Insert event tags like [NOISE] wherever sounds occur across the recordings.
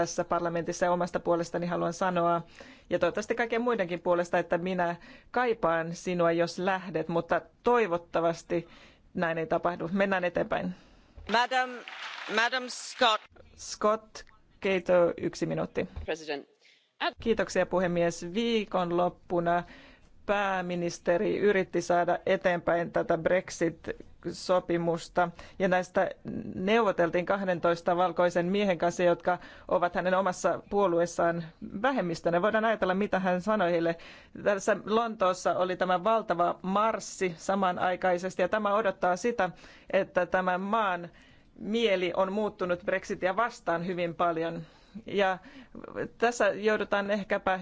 tässä parlamentissa ja omasta puolestani haluan sanoa, ja toivottavasti kaiken muidenkin puolesta, että minä kaipaan sinua, jos lähdet, mutta toivottavasti näin ei tapahdu. Mennään eteenpäin. Madam, Madam Scott. Scott, keito yksi minuutti. President. Kiitoksia puhemies. Viikonloppuna pääministeri yritti saada eteenpäin tätä Brexit sopimusta. Ja näistä neuvoteltiin 12 valkoisen miehen kanssa, jotka ovat hänen omassa puolueessaan vähemmistönä. Voidaan ajatella, mitä hän sanoi heille. Tässä Lontoossa oli tämä valtava marssi samanaikaisesti ja tämä odottaa sitä, että tämän maan mieli on muuttunut Brexitia vastaan hyvin paljon. Ja tässä joudutaan ehkäpä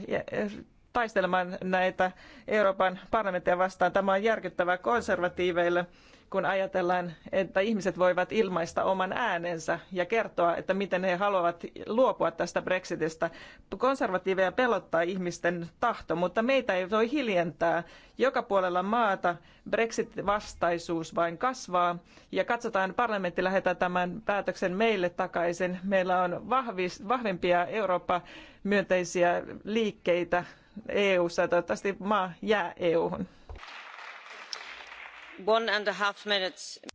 taistelemaan näitä Euroopan parlamenttia vastaan. Tämä on järkyttävää konservatiiveille kun ajatellaan, että ihmiset voivat ilmaista oman äänensä ja kertoa, että miten he haluavat luopua tästä Brexitistä. Konservatiiveja pelottaa ihmisten tahto, mutta meitä ei voi hiljentää. Joka puolella maata Brexit-vastaisuus vain kasvaa ja katsotaan, parlamentti lähettää tämän päätöksen meille takaisin. Meillä on vahvis, vahvempia Eurooppa-myönteisiä liikkeitä EU-ssa. Toivottavasti maa jää EU-hun.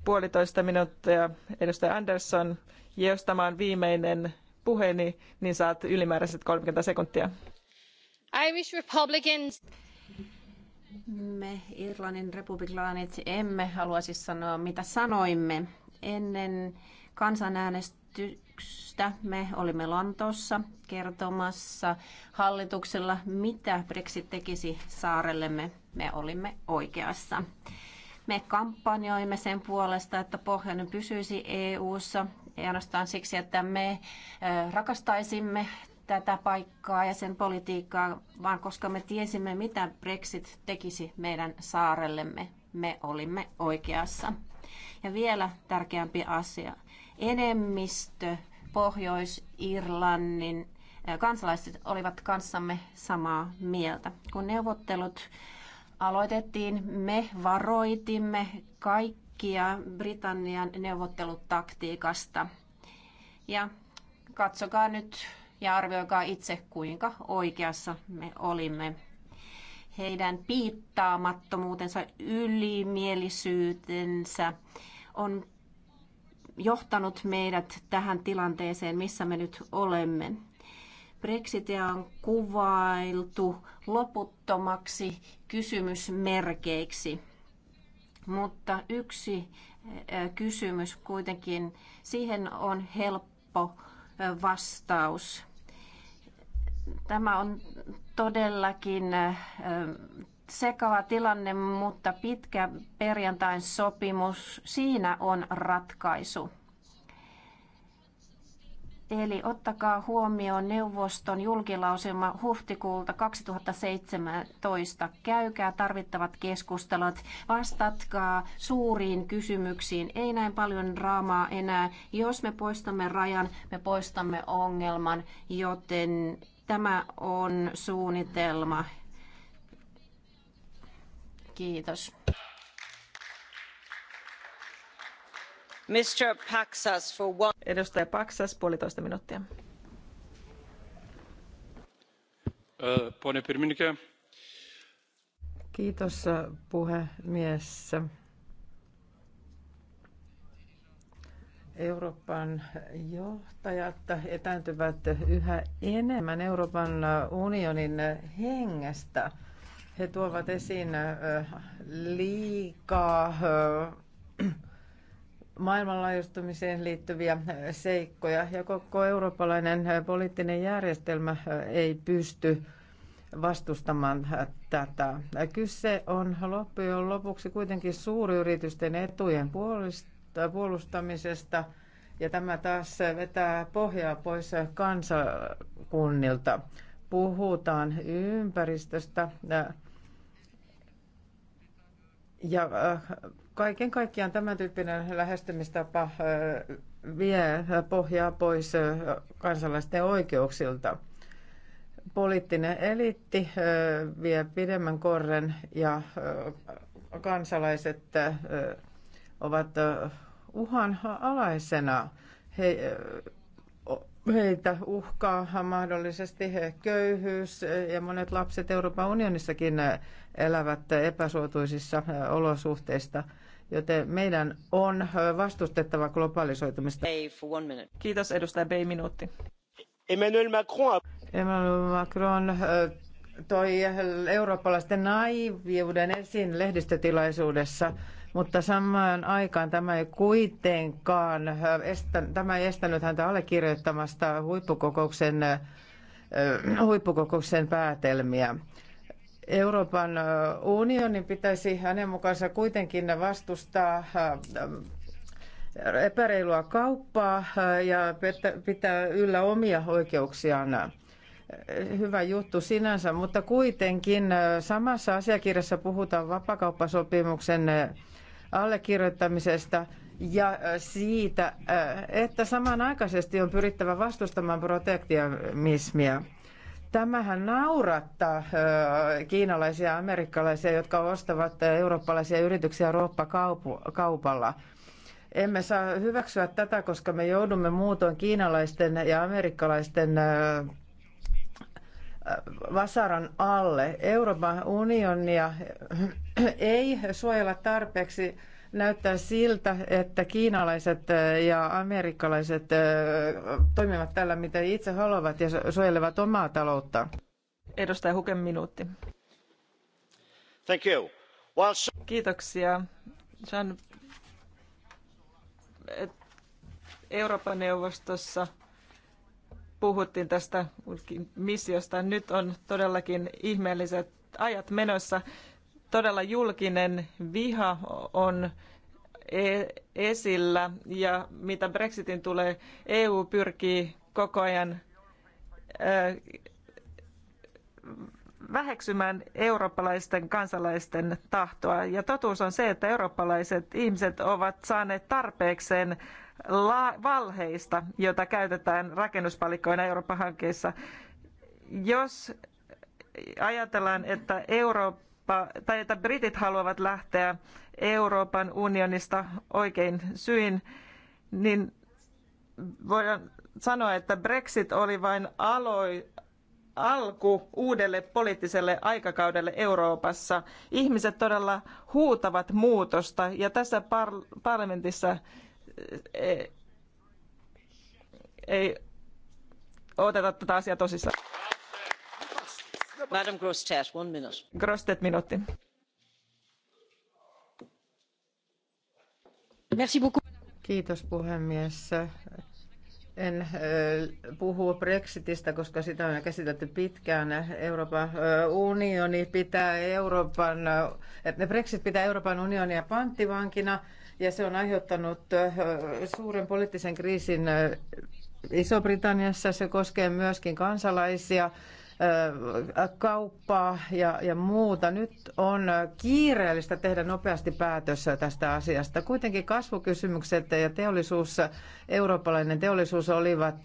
Puolitoista minuuttia, edustaja Andersson. Ja jos tämä on viimeinen puheeni, niin saat ylimääräiset 30 sekuntia. Irish Republicans. Me Irlannin republikaanit emme haluaisi sanoa, mitä sanoimme. Ennen kansanäänestystä me olimme Lontoossa kertomassa hallituksella, mitä Brexit tekisi saarellemme. Me olimme oikeassa. Me kampanjoimme sen puolesta, että Pohjoinen pysyisi EU-ssa, ei ainoastaan siksi, että me rakastaisimme tätä paikkaa ja sen politiikkaa, vaan koska me tiesimme, mitä Brexit tekisi meidän saarellemme. Me olimme oikeassa. Ja vielä tärkeämpi asia. Enemmistö Pohjois-Irlannin kansalaiset olivat kanssamme samaa mieltä. Kun neuvottelut aloitettiin, me varoitimme kaikkia Britannian neuvottelutaktiikasta. Ja katsokaa nyt ja arvioikaa itse, kuinka oikeassa me olimme. Heidän piittaamattomuutensa, ylimielisyytensä on johtanut meidät tähän tilanteeseen, missä me nyt olemme. Brexitia on kuvailtu loputtomaksi kysymysmerkeiksi. Mutta yksi kysymys kuitenkin, siihen on helppo vastaus. Tämä on todellakin sekava tilanne, mutta pitkä perjantain sopimus, siinä on ratkaisu. Eli ottakaa huomioon neuvoston julkilausema huhtikuulta 2017. Käykää tarvittavat keskustelut, vastatkaa suuriin kysymyksiin. Ei näin paljon draamaa enää. Jos me poistamme rajan, me poistamme ongelman, joten tämä on suunnitelma. Kiitos. arvoisa äh, äh, puhemies. Euroopan johtajat etääntyvät yhä enemmän Euroopan äh, unionin hengestä. He tuovat esiin liikaa maailmanlaajustumiseen liittyviä seikkoja ja koko eurooppalainen poliittinen järjestelmä ei pysty vastustamaan tätä. Kyse on loppujen lopuksi kuitenkin suuryritysten etujen puolustamisesta ja tämä taas vetää pohjaa pois kansakunnilta. Puhutaan ympäristöstä ja Kaiken kaikkiaan tämän tyyppinen lähestymistapa vie pohjaa pois kansalaisten oikeuksilta. Poliittinen eliitti vie pidemmän korren ja kansalaiset ovat uhan alaisena. He, heitä uhkaa mahdollisesti köyhyys ja monet lapset Euroopan unionissakin elävät epäsuotuisissa olosuhteista joten meidän on vastustettava globalisoitumista. Kiitos edustaja Bay, minuutti. Emmanuel Macron. Emmanuel Macron toi eurooppalaisten naiviuden esiin lehdistötilaisuudessa, mutta samaan aikaan tämä ei kuitenkaan estä, tämä ei estänyt häntä allekirjoittamasta huippukokouksen, huippukokouksen päätelmiä. Euroopan unionin pitäisi hänen mukaansa kuitenkin vastustaa epäreilua kauppaa ja pitää yllä omia oikeuksiaan. Hyvä juttu sinänsä, mutta kuitenkin samassa asiakirjassa puhutaan vapakauppasopimuksen allekirjoittamisesta ja siitä, että samanaikaisesti on pyrittävä vastustamaan protektionismia. Tämähän naurattaa kiinalaisia ja amerikkalaisia, jotka ostavat eurooppalaisia yrityksiä roppakaupalla. Emme saa hyväksyä tätä, koska me joudumme muutoin kiinalaisten ja amerikkalaisten vasaran alle. Euroopan unionia ei suojella tarpeeksi näyttää siltä, että kiinalaiset äh, ja amerikkalaiset äh, toimivat tällä, mitä itse haluavat ja suojelevat omaa taloutta. Edustaja Huken minuutti. Thank you. Well, so- Kiitoksia. Jean, Euroopan neuvostossa puhuttiin tästä missiosta. Nyt on todellakin ihmeelliset ajat menossa todella julkinen viha on e-, esillä ja mitä Brexitin tulee, EU pyrkii koko ajan väheksymään eurooppalaisten kansalaisten tahtoa. Ja totuus on se, että eurooppalaiset ihmiset ovat saaneet tarpeekseen valheista, joita käytetään rakennuspalikoina Euroopan hankkeissa. Jos ajatellaan, että Eurooppa tai että britit haluavat lähteä Euroopan unionista oikein syin, niin voidaan sanoa, että Brexit oli vain aloi, alku uudelle poliittiselle aikakaudelle Euroopassa. Ihmiset todella huutavat muutosta ja tässä par- parlamentissa eh, ei, ei oteta tätä asiaa tosissaan arvoisa Grostet, Kiitos puhemies. En puhu Brexitistä, koska sitä on käsitelty pitkään. Euroopan unioni pitää Euroopan, Brexit pitää Euroopan unionia panttivankina ja se on aiheuttanut suuren poliittisen kriisin Iso-Britanniassa. Se koskee myöskin kansalaisia kauppaa ja, ja muuta. Nyt on kiireellistä tehdä nopeasti päätös tästä asiasta. Kuitenkin kasvukysymykset ja teollisuus, eurooppalainen teollisuus olivat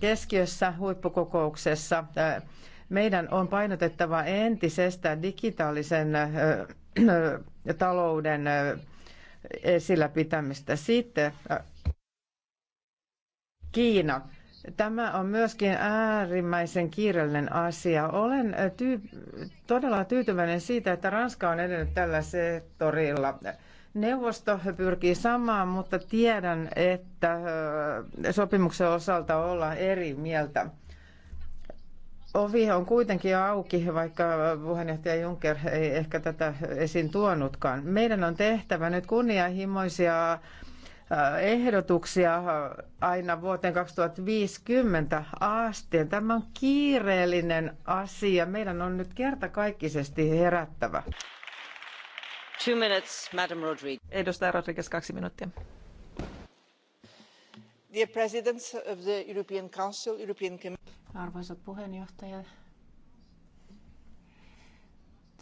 keskiössä huippukokouksessa. Meidän on painotettava entisestään digitaalisen talouden esillä pitämistä. Sitten Kiina. Tämä on myöskin äärimmäisen kiireellinen asia. Olen äh, tyy- todella tyytyväinen siitä, että Ranska on edennyt tällä sektorilla. Neuvosto pyrkii samaan, mutta tiedän, että äh, sopimuksen osalta olla eri mieltä. Ovi on kuitenkin auki, vaikka puheenjohtaja Juncker ei ehkä tätä esiin tuonutkaan. Meidän on tehtävä nyt kunnianhimoisia ehdotuksia aina vuoteen 2050 asti. Tämä on kiireellinen asia. Meidän on nyt kertakaikkisesti herättävä. Two minutes, Madam Rodriguez. Edustaja Rodriguez, kaksi minuuttia. Dear Presidents of the European Council, European Commission. Arvoisa puheenjohtaja,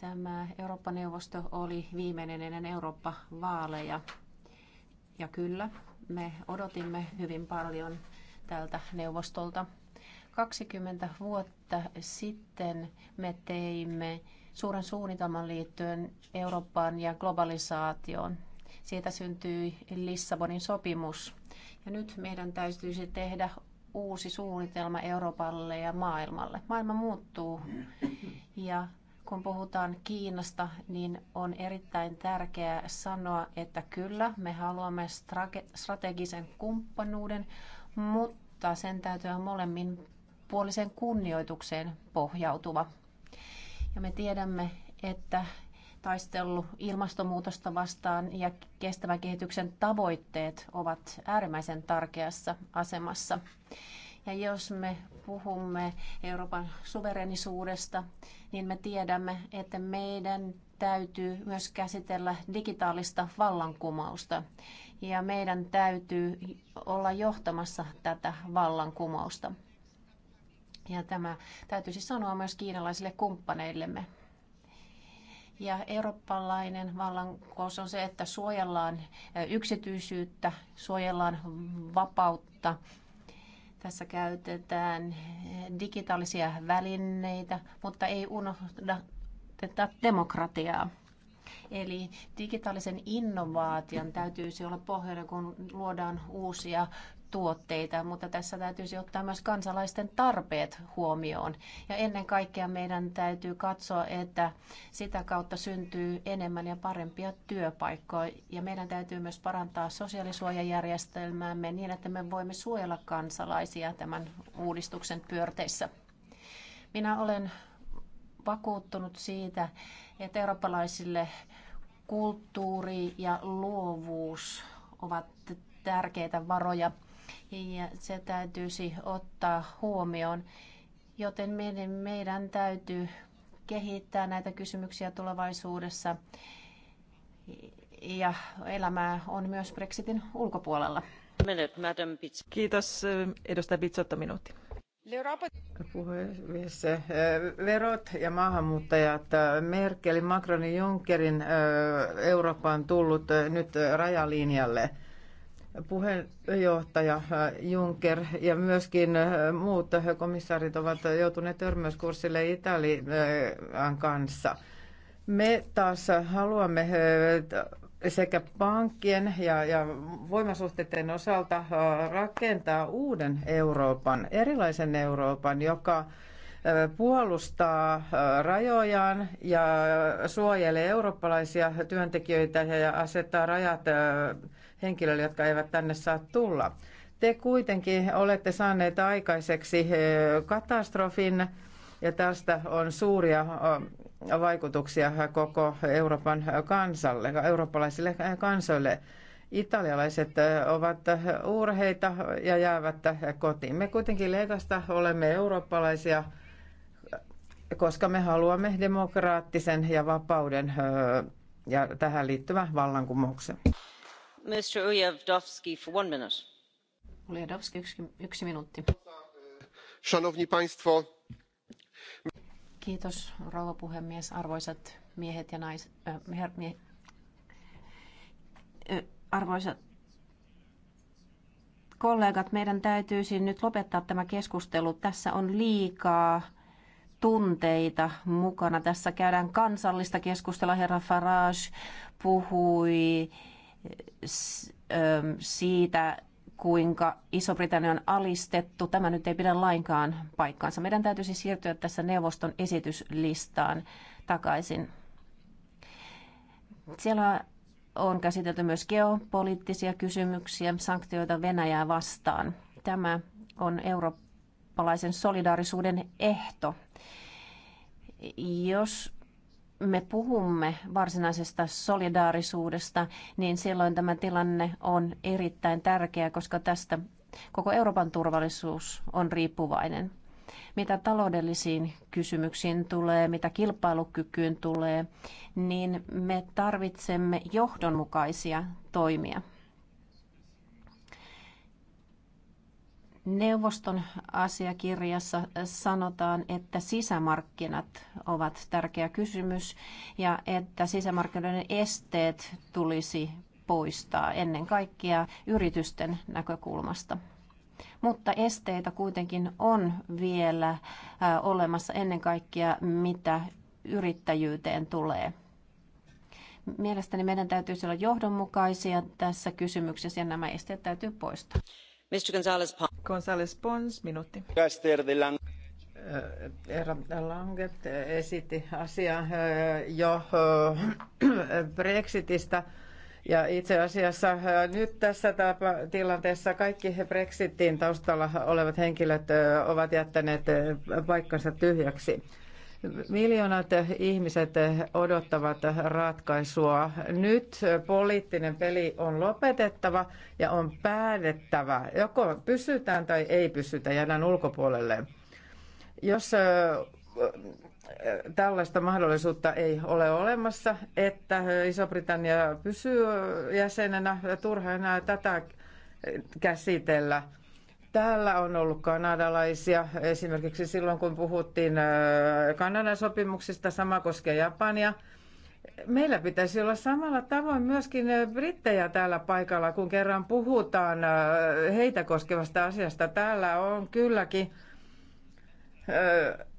tämä Eurooppa-neuvosto oli viimeinen ennen Eurooppa-vaaleja. Ja kyllä, me odotimme hyvin paljon tältä neuvostolta. 20 vuotta sitten me teimme suuren suunnitelman liittyen Eurooppaan ja globalisaatioon. Siitä syntyi Lissabonin sopimus. Ja nyt meidän täytyisi tehdä uusi suunnitelma Euroopalle ja maailmalle. Maailma muuttuu ja kun puhutaan Kiinasta, niin on erittäin tärkeää sanoa, että kyllä, me haluamme strategisen kumppanuuden, mutta sen täytyy olla molemmin puolisen kunnioitukseen pohjautuva. Ja me tiedämme, että taistelu ilmastonmuutosta vastaan ja kestävän kehityksen tavoitteet ovat äärimmäisen tärkeässä asemassa. Ja jos me puhumme Euroopan suverenisuudesta, niin me tiedämme, että meidän täytyy myös käsitellä digitaalista vallankumousta. Ja meidän täytyy olla johtamassa tätä vallankumousta. Ja tämä täytyy siis sanoa myös kiinalaisille kumppaneillemme. Ja eurooppalainen vallankumous on se, että suojellaan yksityisyyttä, suojellaan vapautta tässä käytetään digitaalisia välineitä, mutta ei unohdeta demokratiaa. Eli digitaalisen innovaation täytyisi olla pohjana, kun luodaan uusia tuotteita, mutta tässä täytyisi ottaa myös kansalaisten tarpeet huomioon. Ja ennen kaikkea meidän täytyy katsoa, että sitä kautta syntyy enemmän ja parempia työpaikkoja. Ja meidän täytyy myös parantaa sosiaalisuojajärjestelmäämme niin, että me voimme suojella kansalaisia tämän uudistuksen pyörteissä. Minä olen vakuuttunut siitä, että eurooppalaisille kulttuuri ja luovuus ovat tärkeitä varoja ja se täytyisi ottaa huomioon. Joten meidän, meidän täytyy kehittää näitä kysymyksiä tulevaisuudessa ja elämää on myös Brexitin ulkopuolella. Kiitos. Edustaja Pitsotta minuutti. Puhemies. Verot ja maahanmuuttajat. Merkelin, Macronin, Junckerin Eurooppaan tullut nyt rajalinjalle – puheenjohtaja äh, Juncker ja myöskin äh, muut komissaarit ovat joutuneet törmäyskurssille Italian äh, kanssa. Me taas haluamme sekä pankkien ja, ja voimasuhteiden osalta rakentaa uuden Euroopan, erilaisen Euroopan, joka puolustaa rajojaan ja suojelee eurooppalaisia työntekijöitä ja asettaa rajat henkilöille, jotka eivät tänne saa tulla. Te kuitenkin olette saaneet aikaiseksi katastrofin ja tästä on suuria vaikutuksia koko Euroopan kansalle, eurooppalaisille kansoille. Italialaiset ovat urheita ja jäävät kotiin. Me kuitenkin Leikasta olemme eurooppalaisia, koska me haluamme demokraattisen ja vapauden ja tähän liittyvän vallankumouksen arvoisa puhemies arvoisat miehet ja naiset arvoisat kollegat meidän täytyisi nyt lopettaa tämä keskustelu tässä on liikaa tunteita mukana. Tässä käydään kansallista keskustelua. Herra Farage puhui siitä, kuinka Iso-Britannia on alistettu. Tämä nyt ei pidä lainkaan paikkaansa. Meidän täytyisi siirtyä tässä neuvoston esityslistaan takaisin. Siellä on käsitelty myös geopoliittisia kysymyksiä, sanktioita Venäjää vastaan. Tämä on eurooppalaisen solidaarisuuden ehto. Jos me puhumme varsinaisesta solidaarisuudesta, niin silloin tämä tilanne on erittäin tärkeä, koska tästä koko Euroopan turvallisuus on riippuvainen. Mitä taloudellisiin kysymyksiin tulee, mitä kilpailukykyyn tulee, niin me tarvitsemme johdonmukaisia toimia. Neuvoston asiakirjassa sanotaan, että sisämarkkinat ovat tärkeä kysymys ja että sisämarkkinoiden esteet tulisi poistaa ennen kaikkea yritysten näkökulmasta. Mutta esteitä kuitenkin on vielä äh, olemassa ennen kaikkea, mitä yrittäjyyteen tulee. Mielestäni meidän täytyisi olla johdonmukaisia tässä kysymyksessä ja nämä esteet täytyy poistaa. González Pons, González Pons minuutti. Äh, Herra Lange esitti asian äh, jo äh, [CLEARS THROAT] Brexitistä. Ja itse asiassa nyt tässä tilanteessa kaikki Brexitin taustalla olevat henkilöt ovat jättäneet paikkansa tyhjäksi. Miljoonat ihmiset odottavat ratkaisua. Nyt poliittinen peli on lopetettava ja on päätettävä. Joko pysytään tai ei pysytä, jäädään ulkopuolelle. Jos tällaista mahdollisuutta ei ole olemassa, että Iso-Britannia pysyy jäsenenä, turha enää tätä käsitellä – Täällä on ollut kanadalaisia, esimerkiksi silloin kun puhuttiin äh, Kanadan sopimuksista, sama koskee Japania. Meillä pitäisi olla samalla tavoin myöskin äh, brittejä täällä paikalla, kun kerran puhutaan äh, heitä koskevasta asiasta. Täällä on kylläkin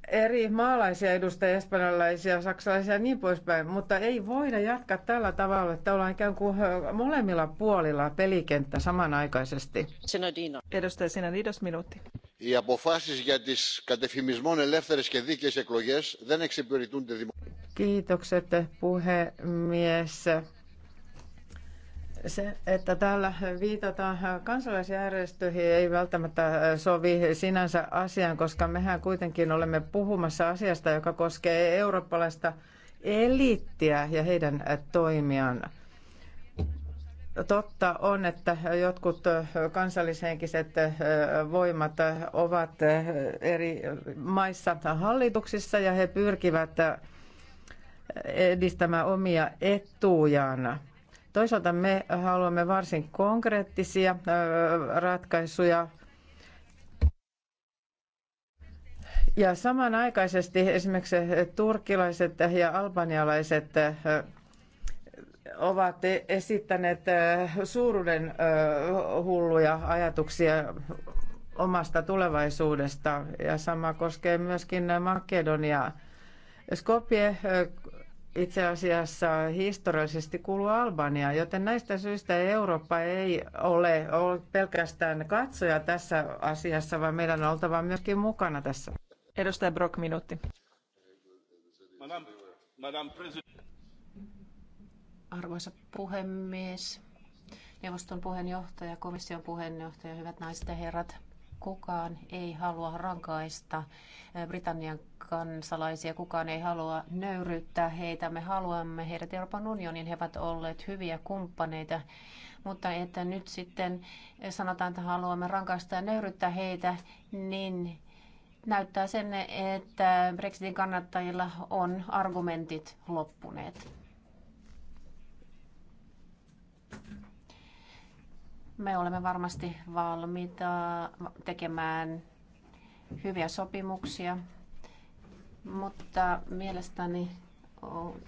eri maalaisia edustajia, espanjalaisia, saksalaisia ja niin poispäin, mutta ei voida jatkaa tällä tavalla, että ollaan ikään kuin molemmilla puolilla pelikenttä samanaikaisesti. Sinadino. Edustaja Sinadinos, minuutti. Οι αποφάσεις για τις κατεφημισμών ελεύθερες και δίκαιες εκλογές δεν εξυπηρετούν τη δημοκρατία. Kiitokset puhemies se, että täällä viitataan kansalaisjärjestöihin, ei välttämättä sovi sinänsä asiaan, koska mehän kuitenkin olemme puhumassa asiasta, joka koskee eurooppalaista eliittiä ja heidän toimiaan. Totta on, että jotkut kansallishenkiset voimat ovat eri maissa hallituksissa ja he pyrkivät edistämään omia etujaan Toisaalta me haluamme varsin konkreettisia ratkaisuja. Ja samanaikaisesti esimerkiksi turkilaiset ja albanialaiset ovat esittäneet suuruuden hulluja ajatuksia omasta tulevaisuudesta ja sama koskee myöskin Makedoniaa. Skopje itse asiassa historiallisesti kuuluu Albania, joten näistä syistä Eurooppa ei ole, ole pelkästään katsoja tässä asiassa, vaan meidän on oltava myöskin mukana tässä. Edustaja Brock, minuutti. Madame, Madame Arvoisa puhemies, neuvoston puheenjohtaja, komission puheenjohtaja, hyvät naiset ja herrat. Kukaan ei halua rankaista Britannian kansalaisia, kukaan ei halua nöyryyttää heitä. Me haluamme heidät Euroopan unionin, he ovat olleet hyviä kumppaneita. Mutta että nyt sitten sanotaan, että haluamme rankaista ja nöyryyttää heitä, niin näyttää sen, että Brexitin kannattajilla on argumentit loppuneet. Me olemme varmasti valmiita tekemään hyviä sopimuksia, mutta mielestäni on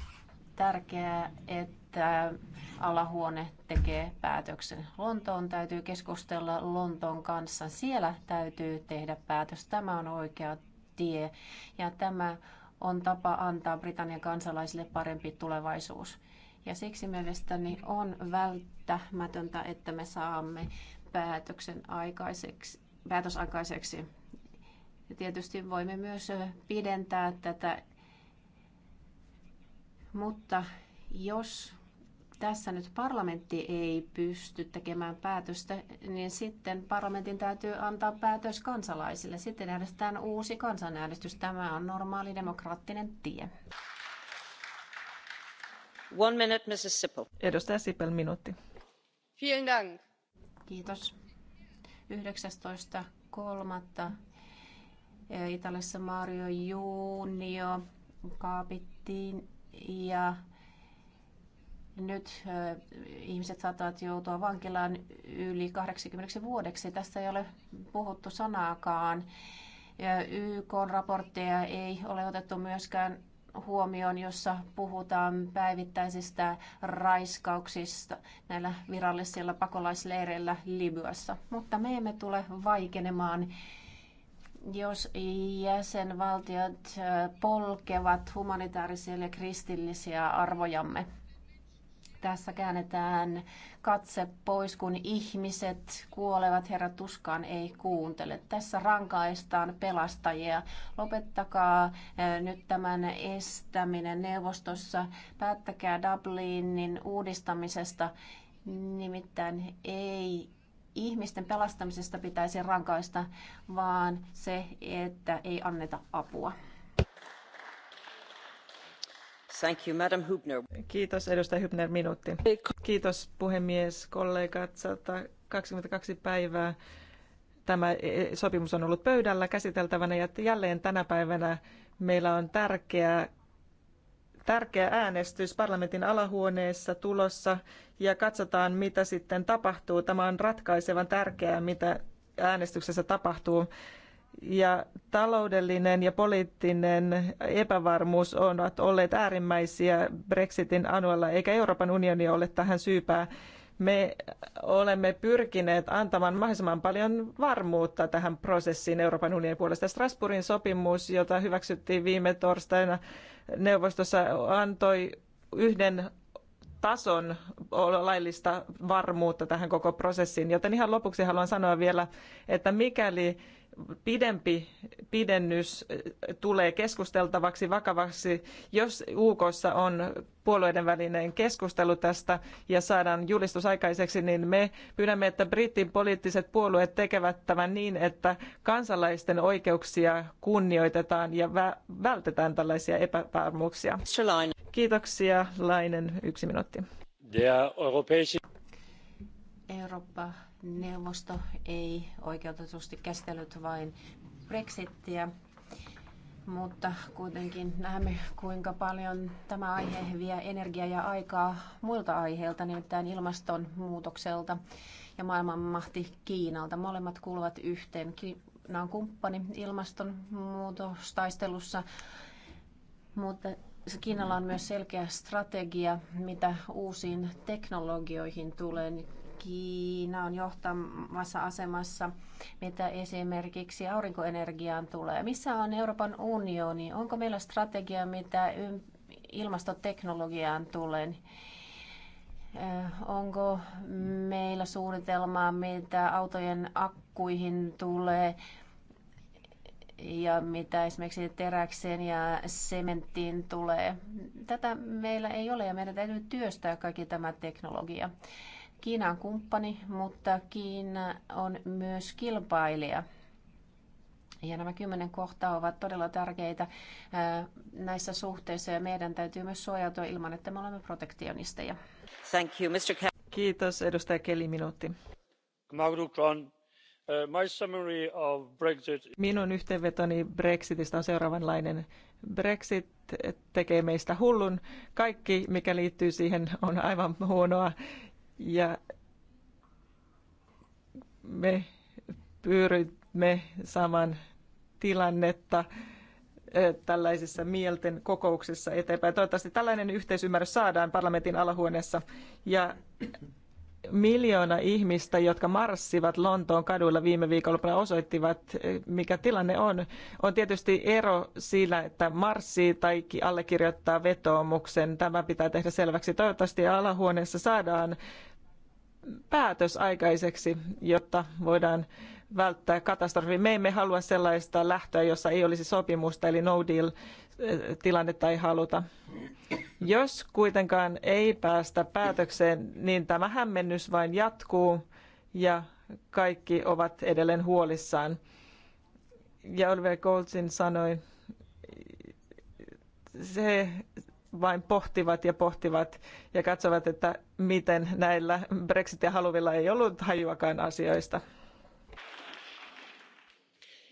tärkeää, että alahuone tekee päätöksen. Lontoon täytyy keskustella Lontoon kanssa. Siellä täytyy tehdä päätös. Tämä on oikea tie ja tämä on tapa antaa Britannian kansalaisille parempi tulevaisuus. Ja siksi mielestäni on välttämätöntä, että me saamme päätöksen aikaiseksi, päätös aikaiseksi. Ja tietysti voimme myös pidentää tätä, mutta jos tässä nyt parlamentti ei pysty tekemään päätöstä, niin sitten parlamentin täytyy antaa päätös kansalaisille. Sitten järjestetään uusi kansanäänestys. Tämä on normaali demokraattinen tie arvoisa puhemies yhdeksästoista kolmatta Sipel, eh, minuutti. Kiitos. Italiassa Mario Junio kaapittiin ja nyt eh, ihmiset saattavat joutua vankilaan yli 80 vuodeksi. Tästä ei ole puhuttu sanaakaan. YK-raportteja ei ole otettu myöskään huomioon, jossa puhutaan päivittäisistä raiskauksista näillä virallisilla pakolaisleireillä Libyassa. Mutta me emme tule vaikenemaan, jos jäsenvaltiot äh, polkevat humanitaarisia ja kristillisiä arvojamme. Tässä käännetään katse pois, kun ihmiset kuolevat, Herra tuskaan ei kuuntele. Tässä rankaistaan pelastajia. Lopettakaa eh, nyt tämän estäminen neuvostossa. Päättäkää Dublinin uudistamisesta. Nimittäin ei ihmisten pelastamisesta pitäisi rankaista, vaan se, että ei anneta apua. Kiitos edustaja Hübner minuutti. Kiitos puhemies, kollegat. 122 päivää tämä e, e, sopimus on ollut pöydällä käsiteltävänä ja jälleen tänä päivänä meillä on tärkeä, tärkeä äänestys parlamentin alahuoneessa tulossa ja katsotaan mitä sitten tapahtuu. Tämä on ratkaisevan tärkeää, mitä äänestyksessä tapahtuu ja taloudellinen ja poliittinen epävarmuus ovat olleet äärimmäisiä Brexitin anuella, eikä Euroopan unioni ole tähän syypää. Me olemme pyrkineet antamaan mahdollisimman paljon varmuutta tähän prosessiin Euroopan unionin puolesta. Strasbourgin sopimus, jota hyväksyttiin viime torstaina neuvostossa, antoi yhden tason laillista varmuutta tähän koko prosessiin. Joten ihan lopuksi haluan sanoa vielä, että mikäli pidempi pidennys eh, tulee keskusteltavaksi vakavaksi, jos UKssa on puolueiden välinen keskustelu tästä ja saadaan julistus aikaiseksi, niin me pyydämme, että Britin poliittiset puolueet tekevät tämän niin, että kansalaisten oikeuksia kunnioitetaan ja vältetään tällaisia epävarmuuksia. Kiitoksia. Lainen, yksi minuutti. Eurooppa neuvosto ei oikeutetusti käsitellyt vain Brexittiä, mutta kuitenkin näemme, kuinka paljon tämä aihe vie energiaa ja aikaa muilta aiheilta, nimittäin ilmastonmuutokselta ja maailmanmahti Kiinalta. Molemmat kuuluvat yhteen. Kiina on kumppani ilmastonmuutostaistelussa, mutta Kiinalla on myös selkeä strategia, mitä uusiin teknologioihin tulee. Kiina on johtamassa asemassa, mitä esimerkiksi aurinkoenergiaan tulee. Missä on Euroopan unioni? Onko meillä strategia, mitä ilmastoteknologiaan tulee? Onko meillä suunnitelmaa, mitä autojen akkuihin tulee ja mitä esimerkiksi teräkseen ja sementtiin tulee? Tätä meillä ei ole ja meidän täytyy työstää kaikki tämä teknologia. Kiina on kumppani, mutta Kiina on myös kilpailija. Ja nämä kymmenen kohtaa ovat todella tärkeitä näissä suhteissa ja meidän täytyy myös suojautua ilman, että me olemme protektionisteja. Thank you, Mr. Ke- Kiitos, edustaja Kelly, minuutti. Uh, Minun yhteenvetoni Brexitistä on seuraavanlainen. Brexit tekee meistä hullun. Kaikki, mikä liittyy siihen, on aivan huonoa ja me pyörimme saman tilannetta tällaisissa mielten kokouksissa eteenpäin. Toivottavasti tällainen yhteisymmärrys saadaan parlamentin alahuoneessa. Ja miljoona ihmistä, jotka marssivat Lontoon kaduilla viime viikonloppuna, osoittivat, mikä tilanne on. On tietysti ero sillä, että marssi tai allekirjoittaa vetoomuksen. Tämä pitää tehdä selväksi. Toivottavasti alahuoneessa saadaan päätös aikaiseksi, jotta voidaan välttää katastrofi. Me emme halua sellaista lähtöä, jossa ei olisi sopimusta, eli no deal eh, tilannetta ei haluta. Jos kuitenkaan ei päästä päätökseen, niin tämä hämmennys vain jatkuu ja kaikki ovat edelleen huolissaan. Ja Oliver Goldsin sanoi, se vain pohtivat ja pohtivat ja katsovat, että miten näillä Brexitia haluvilla ei ollut hajuakaan asioista.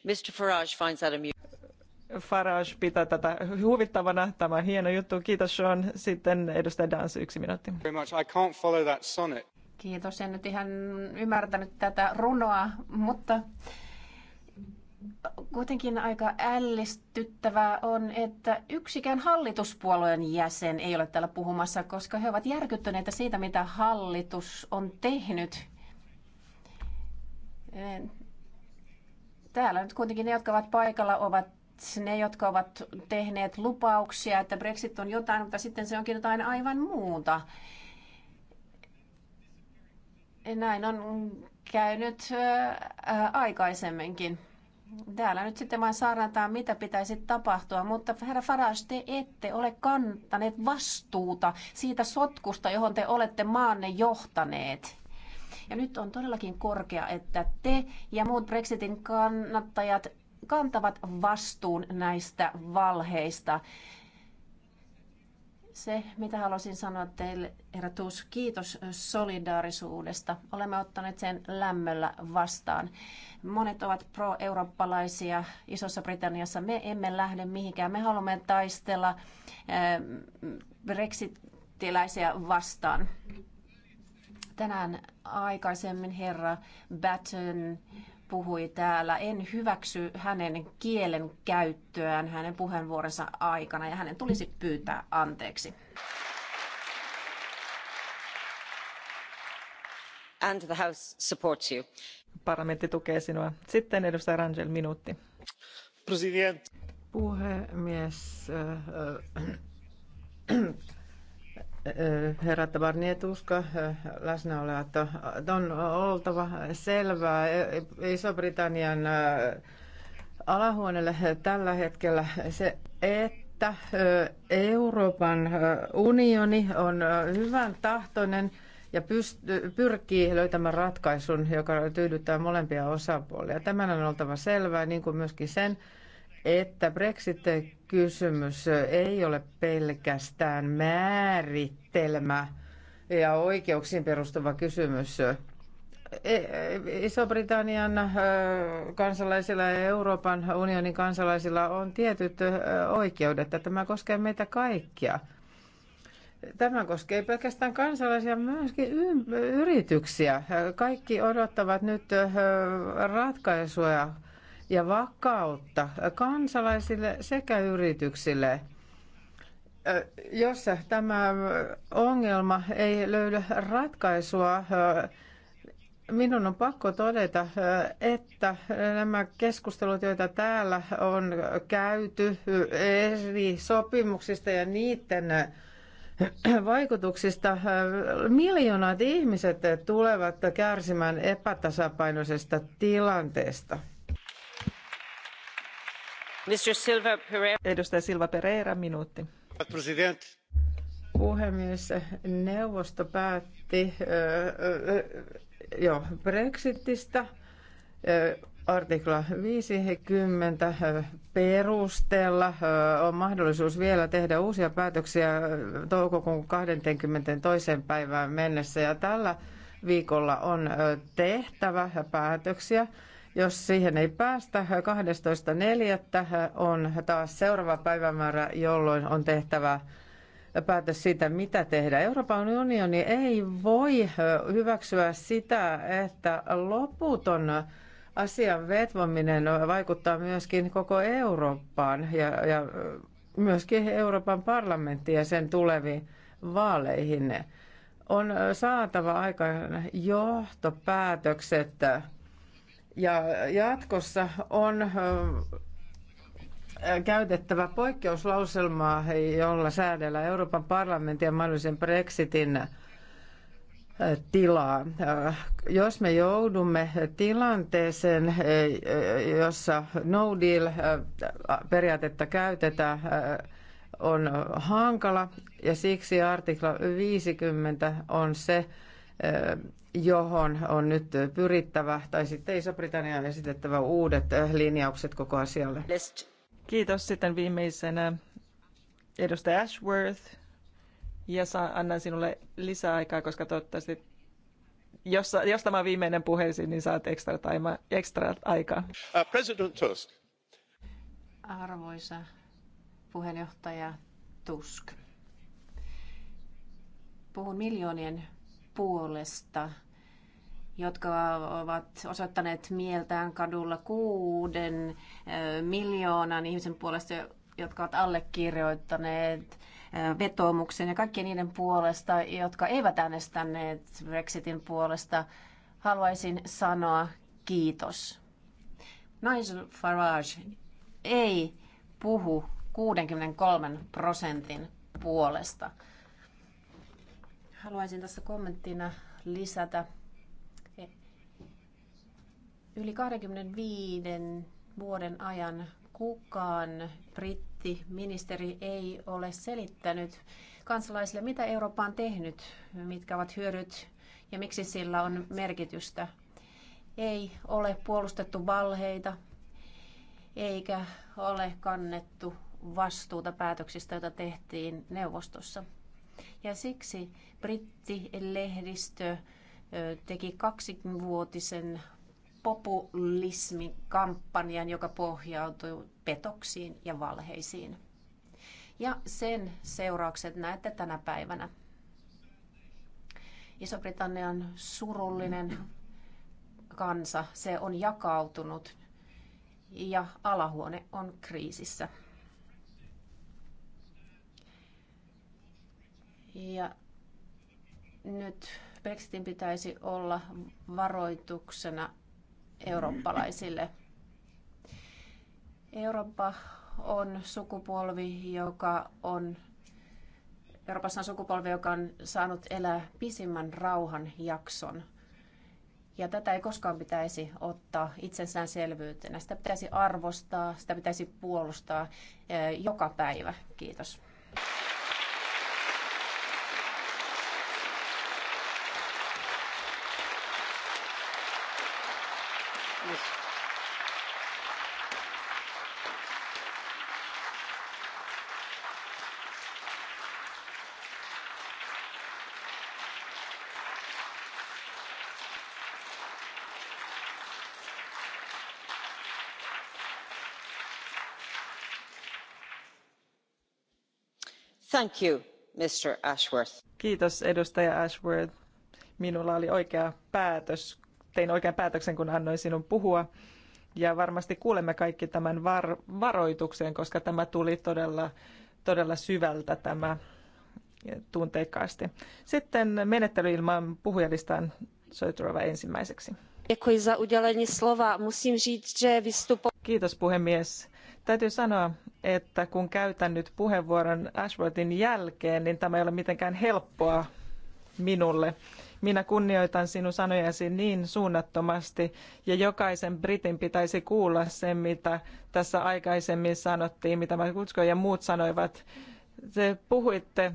Mr. Farage finds that amusing. Farage pitää tätä huvittavana. Tämä on hieno juttu. Kiitos Sean. Sitten edustaja Dans, yksi minuutti. Kiitos. En nyt ihan ymmärtänyt tätä runoa, mutta kuitenkin aika ällistyttävää on, että yksikään hallituspuolueen jäsen ei ole täällä puhumassa, koska he ovat järkyttyneitä siitä, mitä hallitus on tehnyt. Täällä nyt kuitenkin ne, jotka ovat paikalla, ovat ne, jotka ovat tehneet lupauksia, että Brexit on jotain, mutta sitten se onkin jotain aivan muuta. Näin on käynyt aikaisemminkin täällä nyt sitten vain saarataan, mitä pitäisi tapahtua, mutta herra Farage, te ette ole kantaneet vastuuta siitä sotkusta, johon te olette maanne johtaneet. Ja nyt on todellakin korkea, että te ja muut Brexitin kannattajat kantavat vastuun näistä valheista se, mitä halusin sanoa teille, herra Tuus, kiitos solidaarisuudesta. Olemme ottaneet sen lämmöllä vastaan. Monet ovat pro-eurooppalaisia Isossa Britanniassa. Me emme lähde mihinkään. Me haluamme taistella eh, brexitiläisiä vastaan. Tänään aikaisemmin herra Batten puhui täällä. En hyväksy hänen kielen käyttöään hänen puheenvuoronsa aikana ja hänen tulisi pyytää anteeksi. And the house supports you. Parlamentti tukee sinua. Sitten edustaja Rangel, minuutti. President. Puhemies, äh, äh, herra Barnier läsnä ole, että on oltava selvää e-, Iso-Britannian alahuoneelle tällä hetkellä se, että Euroopan unioni on hyvän tahtoinen ja pyrkii löytämään ratkaisun, joka tyydyttää molempia osapuolia. Tämän on oltava selvää, niin kuin myöskin sen, että Brexit-kysymys ei ole pelkästään määrittelmä ja oikeuksiin perustuva kysymys. E, Iso-Britannian kansalaisilla ja Euroopan unionin kansalaisilla on tietyt oikeudet. Tämä koskee meitä kaikkia. Tämä koskee pelkästään kansalaisia, myöskin yrityksiä. Kaikki odottavat nyt ratkaisuja ja vakautta kansalaisille sekä yrityksille. Jos tämä ongelma ei löydä ratkaisua, minun on pakko todeta, että nämä keskustelut, joita täällä on käyty eri sopimuksista ja niiden vaikutuksista. Miljoonat ihmiset tulevat kärsimään epätasapainoisesta tilanteesta. Edustaja Silva Pereira, minuutti. President. Puhemies, neuvosto päätti jo Brexitistä. artikla 50 perusteella on mahdollisuus vielä tehdä uusia päätöksiä toukokuun 22. päivään mennessä ja tällä viikolla on tehtävä päätöksiä jos siihen ei päästä, 12.4. on taas seuraava päivämäärä, jolloin on tehtävä päätös siitä, mitä tehdä. Euroopan unioni ei voi hyväksyä sitä, että loputon asian vetvominen vaikuttaa myöskin koko Eurooppaan ja, ja myöskin Euroopan parlamenttiin ja sen tuleviin vaaleihin. On saatava aikaan johtopäätökset ja jatkossa on käytettävä poikkeuslauselmaa, jolla säädellä Euroopan parlamentin ja mahdollisen Brexitin tilaa. Jos me joudumme tilanteeseen, jossa no deal periaatetta käytetään, on hankala ja siksi artikla 50 on se, johon on nyt pyrittävä, tai sitten Iso-Britannia on esitettävä uudet linjaukset koko asialle. Kiitos. Sitten viimeisenä edustaja Ashworth. Ja saan, annan sinulle lisää aikaa, koska toivottavasti, jos, jos tämä on viimeinen puheesi, niin saat ekstra, taima, ekstra aikaa. Uh, President Tusk. Arvoisa puheenjohtaja Tusk. Puhun miljoonien puolesta, jotka ovat osoittaneet mieltään kadulla kuuden miljoonan ihmisen puolesta, jotka ovat allekirjoittaneet vetoomuksen ja kaikkien niiden puolesta, jotka eivät äänestäneet Brexitin puolesta, haluaisin sanoa kiitos. Nigel Farage ei puhu 63 prosentin puolesta haluaisin tässä kommenttina lisätä yli 25 vuoden ajan kukaan britti ministeri ei ole selittänyt kansalaisille, mitä Eurooppa on tehnyt, mitkä ovat hyödyt ja miksi sillä on merkitystä. Ei ole puolustettu valheita eikä ole kannettu vastuuta päätöksistä, joita tehtiin neuvostossa. Ja siksi brittilehdistö teki kaksivuotisen populismikampanjan, joka pohjautui petoksiin ja valheisiin. Ja sen seuraukset näette tänä päivänä. iso Britannian surullinen kansa, se on jakautunut ja alahuone on kriisissä. Ja nyt Brexitin pitäisi olla varoituksena eurooppalaisille. Eurooppa on sukupolvi, joka on Euroopassa on sukupolvi, joka on saanut elää pisimmän rauhan jakson. Ja tätä ei koskaan pitäisi ottaa itsestäänselvyytenä. Sitä pitäisi arvostaa, sitä pitäisi puolustaa eh, joka päivä. Kiitos. Thank you, Mr. Ashworth. Kiitos, edustaja Ashworth. Minulla oli oikea päätös. Tein oikean päätöksen, kun annoin sinun puhua. Ja varmasti kuulemme kaikki tämän var- varoituksen, koska tämä tuli todella, todella syvältä tämä tunteikkaasti. Sitten menettely ilman puhujalistaan Soiturova ensimmäiseksi. Kiitos puhemies. Täytyy sanoa, että kun käytän nyt puheenvuoron Ashworthin jälkeen, niin tämä ei ole mitenkään helppoa minulle. Minä kunnioitan sinun sanojasi niin suunnattomasti ja jokaisen britin pitäisi kuulla se, mitä tässä aikaisemmin sanottiin, mitä Matkutsko ja muut sanoivat. Te puhuitte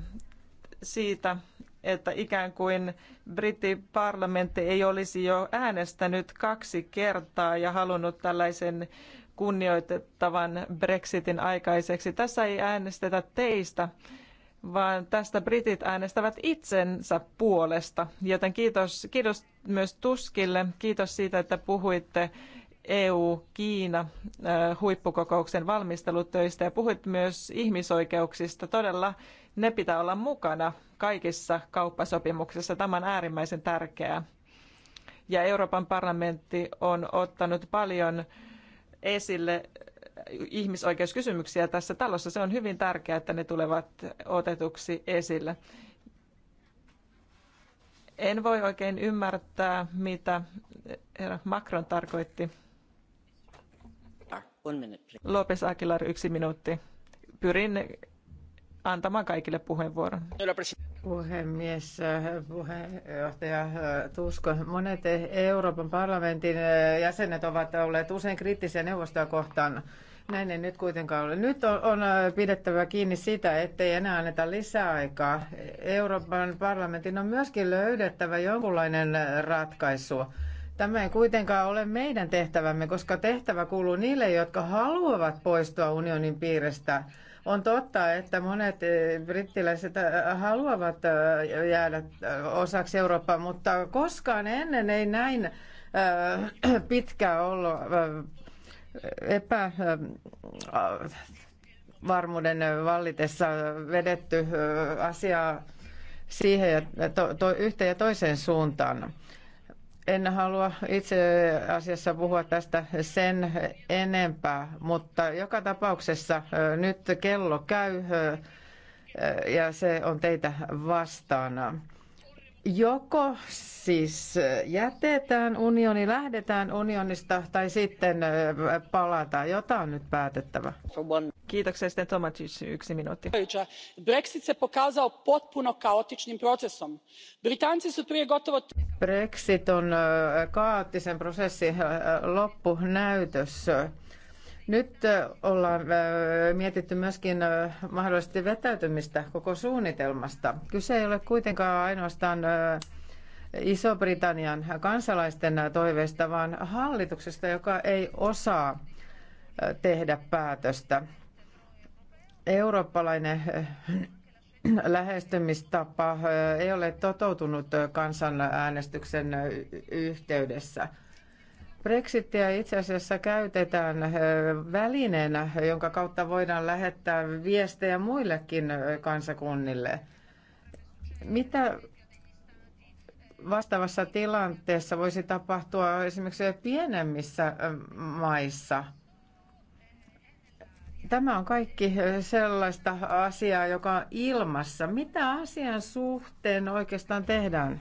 siitä, että ikään kuin parlamentti ei olisi jo äänestänyt kaksi kertaa ja halunnut tällaisen kunnioitettavan Brexitin aikaiseksi. Tässä ei äänestetä teistä, vaan tästä britit äänestävät itsensä puolesta. Joten kiitos, kiitos myös Tuskille, kiitos siitä, että puhuitte EU-Kiina huippukokouksen valmistelutöistä ja puhuit myös ihmisoikeuksista. Todella ne pitää olla mukana kaikissa kauppasopimuksissa. Tämä on äärimmäisen tärkeää. Ja Euroopan parlamentti on ottanut paljon esille äh, ihmisoikeuskysymyksiä tässä talossa. Se on hyvin tärkeää, että ne tulevat otetuksi esille. En voi oikein ymmärtää, mitä herra Macron tarkoitti. Lopes Aguilar, yksi minuutti. Pyrin antamaan kaikille puheenvuoron puhemies, puheenjohtaja Tusko. Monet Euroopan parlamentin jäsenet ovat olleet usein kriittisiä neuvostoa kohtaan. Näin ei nyt kuitenkaan ole. Nyt on, on pidettävä kiinni sitä, ettei enää anneta lisäaikaa. Euroopan parlamentin on myöskin löydettävä jonkunlainen ratkaisu. Tämä ei kuitenkaan ole meidän tehtävämme, koska tehtävä kuuluu niille, jotka haluavat poistua unionin piiristä – on totta, että monet eh, brittiläiset eh, haluavat eh, jäädä osaksi Eurooppaa, mutta koskaan ennen ei näin [CLEARS THROAT] pitkä ollut epävarmuuden vallitessa vedetty asiaa siihen ja to, to, yhteen ja toiseen suuntaan. En halua itse asiassa puhua tästä sen enempää, mutta joka tapauksessa nyt kello käy ja se on teitä vastaan. Joko siis jätetään unioni, lähdetään unionista tai sitten palataan. Jotain on nyt päätettävä. Kiitoksia sitten Tomacic, yksi minuutti. Brexit se pokazao potpuno kaotičnim procesom. Britanci su prije gotovo... Brexit on kaoottisen prosessin loppunäytös. Nyt ollaan mietitty myöskin mahdollisesti vetäytymistä koko suunnitelmasta. Kyse ei ole kuitenkaan ainoastaan Iso-Britannian kansalaisten toiveista, vaan hallituksesta, joka ei osaa tehdä päätöstä. Eurooppalainen lähestymistapa ei ole totoutunut kansanäänestyksen yhteydessä – Brexittiä itse asiassa käytetään välineenä, jonka kautta voidaan lähettää viestejä muillekin kansakunnille. Mitä vastaavassa tilanteessa voisi tapahtua esimerkiksi pienemmissä maissa? Tämä on kaikki sellaista asiaa, joka on ilmassa. Mitä asian suhteen oikeastaan tehdään?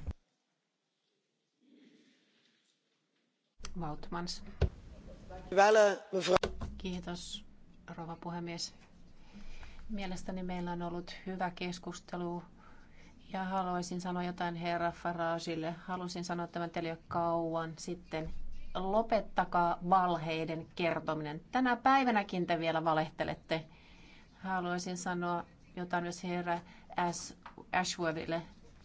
Vautmans. Eh, Kiitos, rouva puhemies. Mielestäni meillä on ollut hyvä keskustelu ja haluaisin sanoa jotain herra Farageille. Halusin sanoa tämän teille jo kauan sitten. Lopettakaa valheiden kertominen. Tänä päivänäkin te vielä valehtelette. Haluaisin sanoa jotain myös herra Ashworthille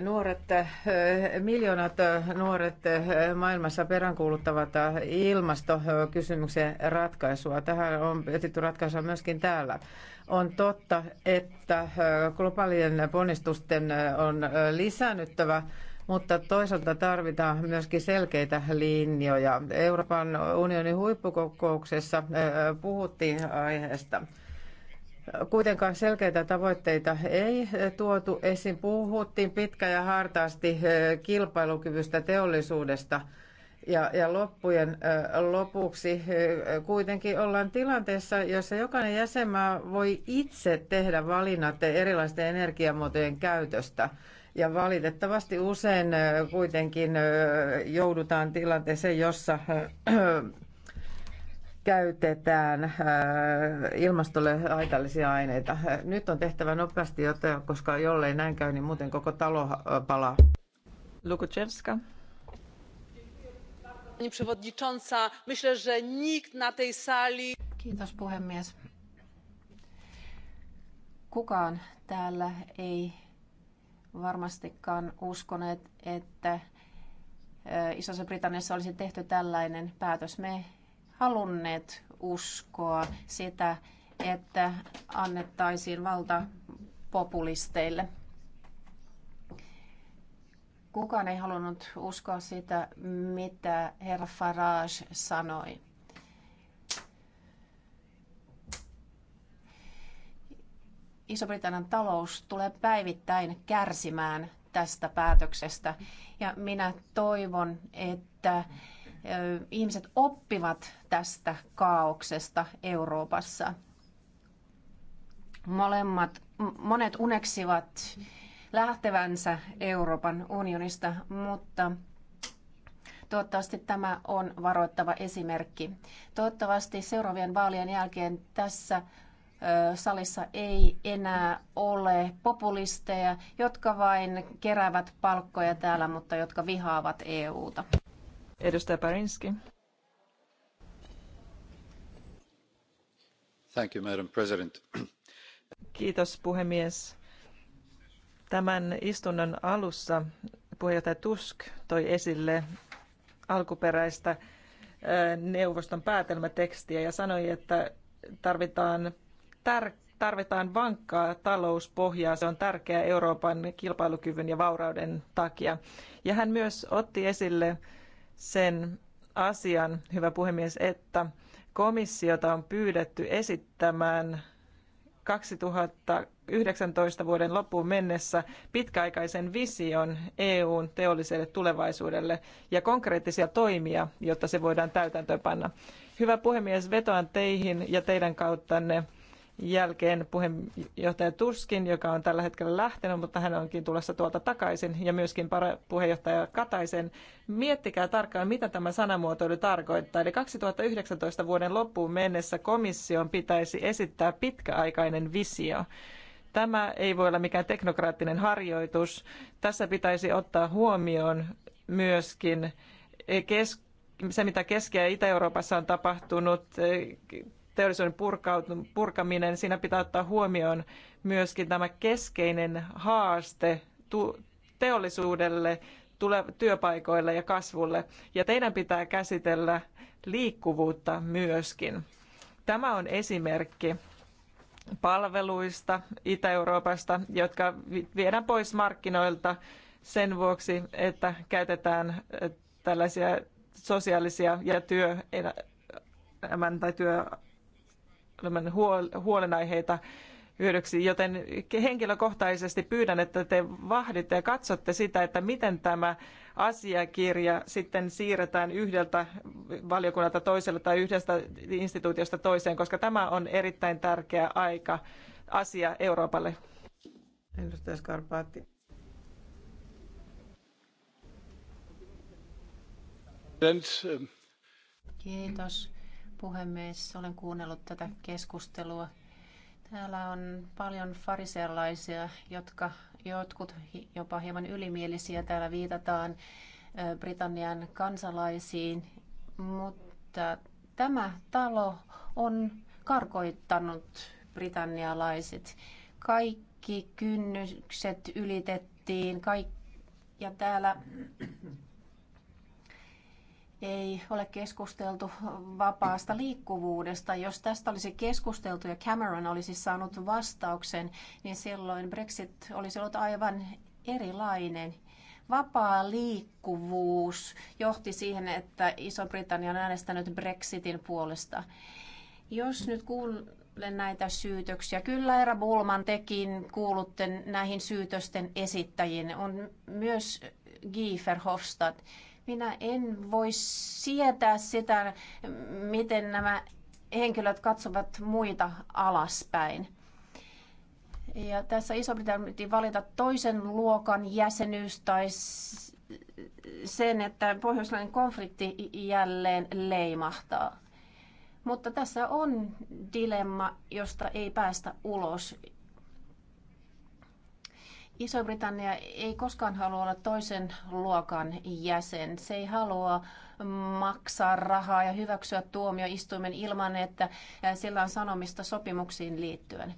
Nuoret, eh, miljoonat nuoret eh, maailmassa peräänkuuluttavat ilmastokysymyksen ratkaisua. Tähän on etsitty ratkaisua myöskin täällä. On totta, että eh, globaalien ponnistusten on lisäännyttävä, mutta toisaalta tarvitaan myöskin selkeitä linjoja. Euroopan unionin huippukokouksessa puhuttiin aiheesta. Kuitenkaan selkeitä tavoitteita ei tuotu esiin. Puhuttiin pitkä ja hartaasti eh, kilpailukyvystä teollisuudesta. Ja, ja loppujen eh, lopuksi eh, kuitenkin ollaan tilanteessa, jossa jokainen jäsenmaa voi itse tehdä valinnat erilaisten energiamuotojen käytöstä. Ja valitettavasti usein kuitenkin joudutaan tilanteeseen, jossa käytetään äh, ilmastolle haitallisia aineita. Nyt on tehtävä nopeasti, joten, koska jollei näin käy, niin muuten koko talo äh, palaa. Lukuchevska. Kiitos puhemies. Kukaan täällä ei varmastikaan uskoneet, että äh, Isossa Britanniassa olisi tehty tällainen päätös. Me halunneet uskoa sitä, että annettaisiin valta populisteille. Kukaan ei halunnut uskoa sitä, mitä herra Farage sanoi. Iso-Britannian talous tulee päivittäin kärsimään tästä päätöksestä. Ja minä toivon, että ihmiset oppivat tästä kaauksesta Euroopassa. Molemmat, monet uneksivat lähtevänsä Euroopan unionista, mutta Toivottavasti tämä on varoittava esimerkki. Toivottavasti seuraavien vaalien jälkeen tässä salissa ei enää ole populisteja, jotka vain keräävät palkkoja täällä, mutta jotka vihaavat EUta. Edustaja Parinski. Thank you, Madam President. Kiitos puhemies. Tämän istunnon alussa puheenjohtaja Tusk toi esille alkuperäistä neuvoston päätelmätekstiä ja sanoi, että tarvitaan, tar- tarvitaan vankkaa talouspohjaa. Se on tärkeää Euroopan kilpailukyvyn ja vaurauden takia. Ja hän myös otti esille sen asian, hyvä puhemies, että komissiota on pyydetty esittämään 2019 vuoden loppuun mennessä pitkäaikaisen vision EUn teolliselle tulevaisuudelle ja konkreettisia toimia, jotta se voidaan täytäntöönpanna. Hyvä puhemies, vetoan teihin ja teidän kauttanne jälkeen puheenjohtaja Tuskin, joka on tällä hetkellä lähtenyt, mutta hän onkin tulossa tuolta takaisin, ja myöskin puheenjohtaja Kataisen. Miettikää tarkkaan, mitä tämä sanamuotoilu tarkoittaa. Eli 2019 vuoden loppuun mennessä komission pitäisi esittää pitkäaikainen visio. Tämä ei voi olla mikään teknokraattinen harjoitus. Tässä pitäisi ottaa huomioon myöskin kes- se, mitä Keski- ja Itä-Euroopassa on tapahtunut, teollisuuden purkaminen, siinä pitää ottaa huomioon myöskin tämä keskeinen haaste teollisuudelle, työpaikoille ja kasvulle. Ja teidän pitää käsitellä liikkuvuutta myöskin. Tämä on esimerkki palveluista Itä-Euroopasta, jotka viedään pois markkinoilta sen vuoksi, että käytetään eh, tällaisia sosiaalisia ja työ tai työ huolenaiheita hyödyksi, joten henkilökohtaisesti pyydän, että te vahditte ja katsotte sitä, että miten tämä asiakirja sitten siirretään yhdeltä valiokunnalta toiselle tai yhdestä instituutiosta toiseen, koska tämä on erittäin tärkeä aika asia Euroopalle. Edustaja Skarpaatti. Um, Kiitos puhemies. Olen kuunnellut tätä keskustelua. Täällä on paljon farisealaisia, jotka jotkut jopa hieman ylimielisiä. Täällä viitataan Britannian kansalaisiin, mutta tämä talo on karkoittanut britannialaiset. Kaikki kynnykset ylitettiin kaikki, ja täällä ei ole keskusteltu vapaasta liikkuvuudesta. Jos tästä olisi keskusteltu ja Cameron olisi saanut vastauksen, niin silloin Brexit olisi ollut aivan erilainen. Vapaa liikkuvuus johti siihen, että Iso-Britannia on äänestänyt Brexitin puolesta. Jos nyt kuulen näitä syytöksiä, kyllä Era Bulman tekin kuulutte näihin syytösten esittäjiin, on myös Guy minä en voi sietää sitä, miten nämä henkilöt katsovat muita alaspäin. Ja tässä Iso-Britannia piti valita toisen luokan jäsenyys tai sen, että pohjoislainen konflikti jälleen leimahtaa. Mutta tässä on dilemma, josta ei päästä ulos. Iso-Britannia ei koskaan halua olla toisen luokan jäsen. Se ei halua maksaa rahaa ja hyväksyä tuomioistuimen ilman, että sillä on sanomista sopimuksiin liittyen.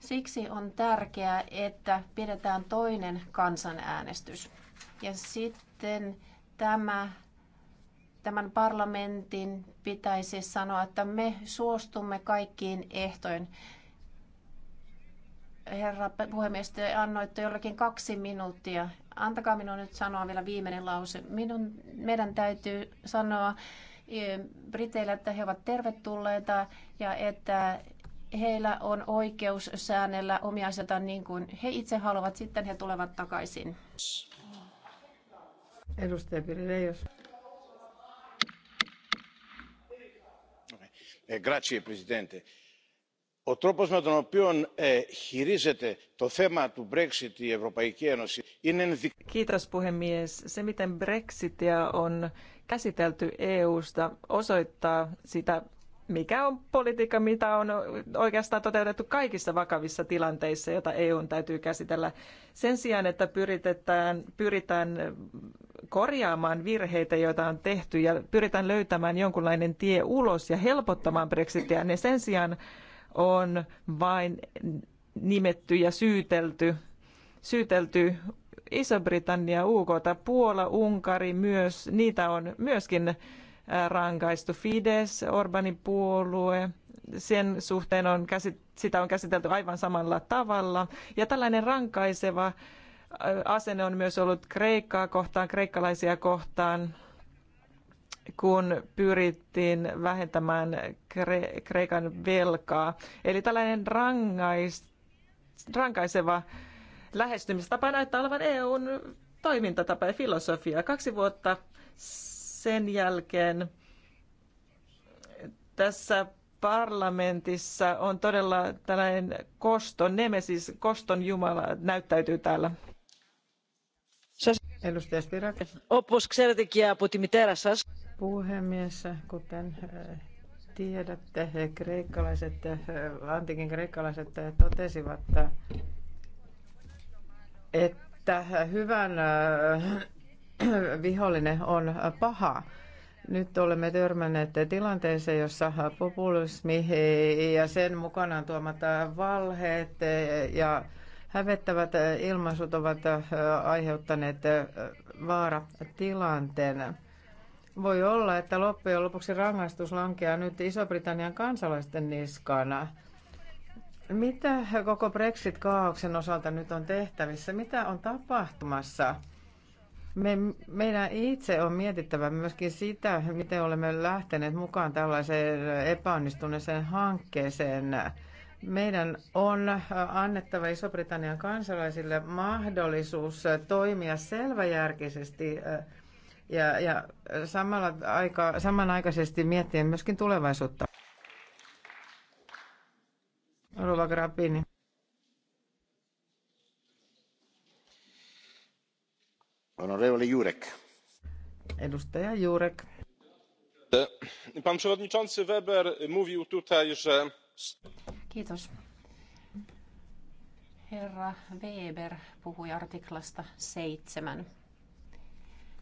Siksi on tärkeää, että pidetään toinen kansanäänestys. Ja sitten tämä, tämän parlamentin pitäisi sanoa, että me suostumme kaikkiin ehtoihin herra puhemies, te annoitte jollekin kaksi minuuttia. Antakaa minun nyt sanoa vielä viimeinen lause. Minun, meidän täytyy sanoa e, Briteille, että he ovat tervetulleita ja että heillä on oikeus säännellä omia asioita niin kuin he itse haluavat. Sitten he tulevat takaisin. Edustaja Pirileijos. Eh, grazie, presidente ο τρόπος με τον οποίο χειρίζεται το θέμα του Brexit η Ευρωπαϊκή Ένωση είναι Kiitos puhemies. Se, miten Brexitia on käsitelty EUsta, osoittaa sitä, mikä on politiikka, mitä on oikeastaan toteutettu kaikissa vakavissa tilanteissa, joita EUn täytyy käsitellä. Sen sijaan, että pyritetään, pyritään korjaamaan virheitä, joita on tehty ja pyritään löytämään jonkunlainen tie ulos ja helpottamaan Brexitia, niin sen sijaan on vain nimetty ja syytelty, syytelty Iso-Britannia, UK, Puola, Unkari myös, niitä on myöskin äh, rankaistu. Fides, Orbanin puolue, sen suhteen on käsit, sitä on käsitelty aivan samalla tavalla. Ja tällainen rankaiseva äh, asenne on myös ollut Kreikkaa kohtaan, kreikkalaisia kohtaan kun pyrittiin vähentämään Kre- Kreikan velkaa. Eli tällainen rangais- rankaiseva lähestymistapa näyttää olevan EUn toimintatapa ja filosofia. Kaksi vuotta sen jälkeen tässä parlamentissa on todella tällainen koston, nemesis, koston jumala näyttäytyy täällä. Edustaja Spirak. Όπως ξέρετε και puhemies. Kuten eh, tiedätte, kreikkalaiset, eh, antiikin kreikkalaiset eh, totesivat, että hyvän vihollinen on paha. Nyt olemme törmänneet tilanteeseen, jossa populismi ja sen mukanaan tuomat valheet ja hävettävät ilmaisut ovat aiheuttaneet vaaratilanteen. Voi olla, että loppujen lopuksi rangaistus lankeaa nyt Iso-Britannian kansalaisten niskana. Mitä koko Brexit-kaauksen osalta nyt on tehtävissä? Mitä on tapahtumassa? Me, meidän itse on mietittävä myöskin sitä, miten olemme lähteneet mukaan tällaiseen epäonnistuneeseen hankkeeseen. Meidän on annettava Iso-Britannian kansalaisille mahdollisuus toimia selväjärkisesti ja, ja samalla aika, samanaikaisesti miettien myöskin tulevaisuutta. Rova Grappini. Honorevole Jurek. Edustaja Jurek. Pan przewodniczący Weber mówił tutaj, że... Kiitos. Herra Weber puhui artiklasta seitsemän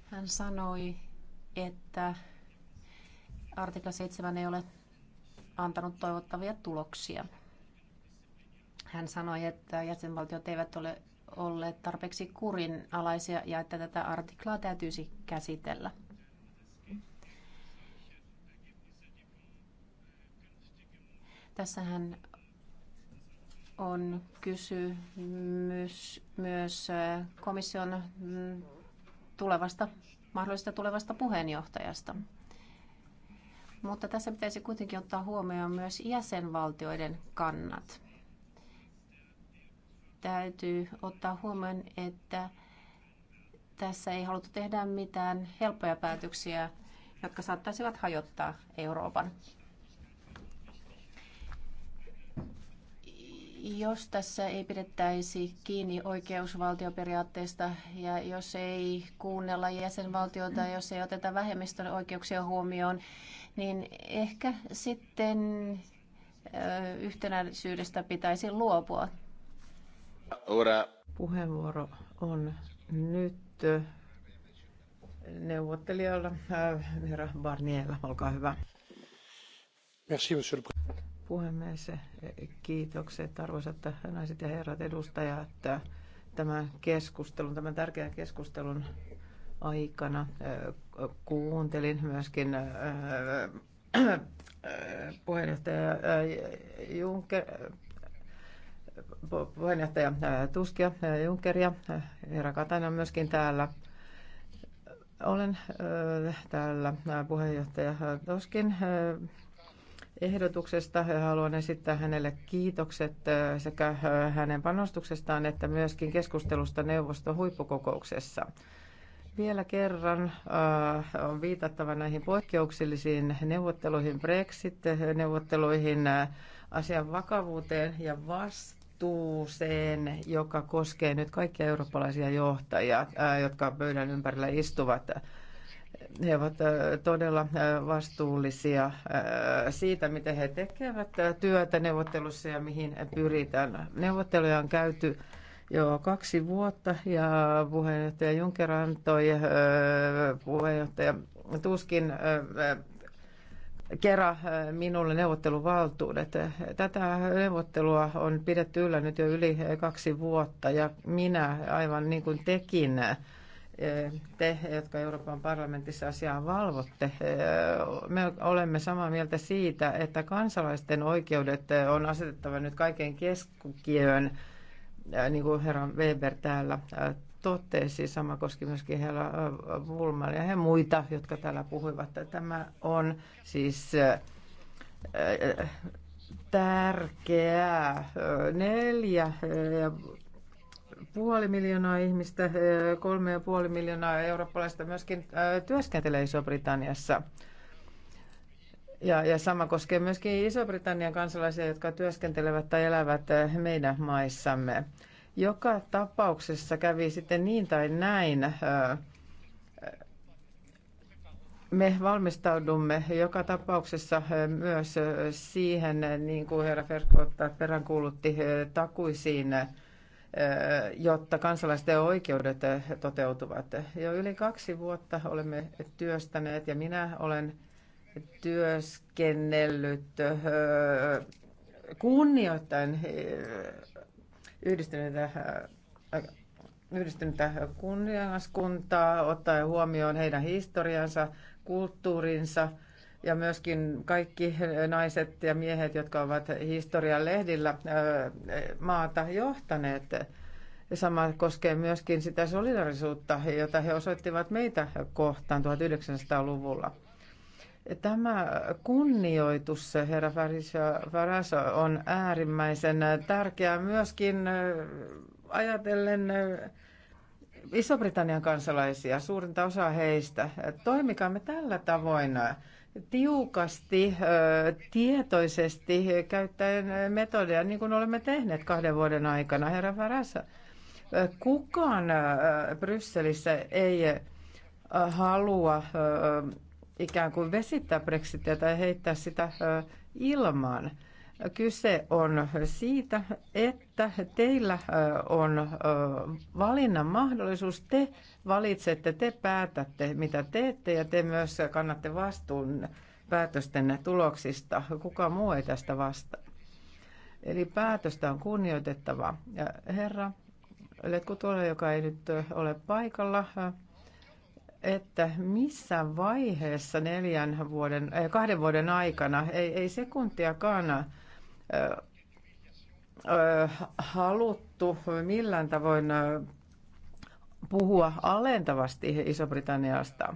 hän sanoi, että artikla 7 ei ole antanut toivottavia tuloksia. Hän sanoi, että jäsenvaltiot eivät ole olleet tarpeeksi kurinalaisia ja että tätä artiklaa täytyisi käsitellä. hän on kysymys myös äh, komission mm, tulevasta, mahdollisesta tulevasta puheenjohtajasta. Mutta tässä pitäisi kuitenkin ottaa huomioon myös jäsenvaltioiden kannat. Täytyy ottaa huomioon, että tässä ei haluta tehdä mitään helppoja päätöksiä, jotka saattaisivat hajottaa Euroopan. Jos tässä ei pidettäisi kiinni oikeusvaltioperiaatteesta ja jos ei kuunnella jäsenvaltiota, jos ei oteta vähemmistön oikeuksia huomioon, niin ehkä sitten yhtenäisyydestä pitäisi luopua. Ora. Puheenvuoro on nyt neuvottelijalla, äh, herra Barniella, olkaa hyvä. Merci, monsieur le puhemies. Kiitokset arvoisat naiset ja herrat edustajat tämän keskustelun, tämän tärkeän keskustelun aikana äh, kuuntelin myöskin äh, äh, puheenjohtaja Juncker, puheenjohtaja Tuskia Junkeria, herra Katainen myöskin täällä. Olen täällä puheenjohtaja Toskin ehdotuksesta haluan esittää hänelle kiitokset sekä hänen panostuksestaan että myöskin keskustelusta neuvoston huippukokouksessa. Vielä kerran on viitattava näihin poikkeuksellisiin neuvotteluihin, Brexit-neuvotteluihin, asian vakavuuteen ja vastuuseen, joka koskee nyt kaikkia eurooppalaisia johtajia, jotka pöydän ympärillä istuvat he ovat todella vastuullisia siitä, miten he tekevät työtä neuvottelussa ja mihin pyritään. Neuvotteluja on käyty jo kaksi vuotta ja puheenjohtaja Juncker antoi puheenjohtaja Tuskin kerran minulle neuvotteluvaltuudet. Tätä neuvottelua on pidetty yllä nyt jo yli kaksi vuotta ja minä aivan niin kuin tekin te, jotka Euroopan parlamentissa asiaa valvotte, me olemme samaa mieltä siitä, että kansalaisten oikeudet on asetettava nyt kaiken keskiöön, niin kuin herra Weber täällä totesi, sama koski myöskin herra Wulman ja he muita, jotka täällä puhuivat. Tämä on siis tärkeää. Neljä puoli miljoonaa ihmistä, kolme ja puoli miljoonaa eurooppalaista myöskin työskentelee Iso-Britanniassa. Ja, ja sama koskee myöskin Iso-Britannian kansalaisia, jotka työskentelevät tai elävät meidän maissamme. Joka tapauksessa kävi sitten niin tai näin. Me valmistaudumme joka tapauksessa myös siihen, niin kuin herra Ferkko peräänkuulutti, takuisiin – jotta kansalaisten oikeudet toteutuvat. Jo yli kaksi vuotta olemme työstäneet ja minä olen työskennellyt kunnioittain yhdistyneitä yhdistynyttä kunnianaskuntaa ottaen huomioon heidän historiansa, kulttuurinsa – ja myöskin kaikki naiset ja miehet, jotka ovat historian lehdillä maata johtaneet. Sama koskee myöskin sitä solidarisuutta, jota he osoittivat meitä kohtaan 1900-luvulla. Tämä kunnioitus, herra Faras, on äärimmäisen tärkeää myöskin ajatellen Iso-Britannian kansalaisia, suurinta osa heistä. Toimikaamme tällä tavoin tiukasti, tietoisesti käyttäen metodeja, niin kuin olemme tehneet kahden vuoden aikana, herra Varassa. Kukaan Brysselissä ei halua ikään kuin vesittää Brexitia tai heittää sitä ilmaan. Kyse on siitä, että teillä on valinnan mahdollisuus. Te valitsette, te päätätte, mitä teette ja te myös kannatte vastuun päätösten tuloksista. Kuka muu ei tästä vastaa. Eli päätöstä on kunnioitettava. Ja herra, oletko tuolla, joka ei nyt ole paikalla, että missä vaiheessa neljän vuoden, äh, kahden vuoden aikana, ei, ei sekuntiakaan haluttu millään tavoin puhua alentavasti Iso-Britanniasta.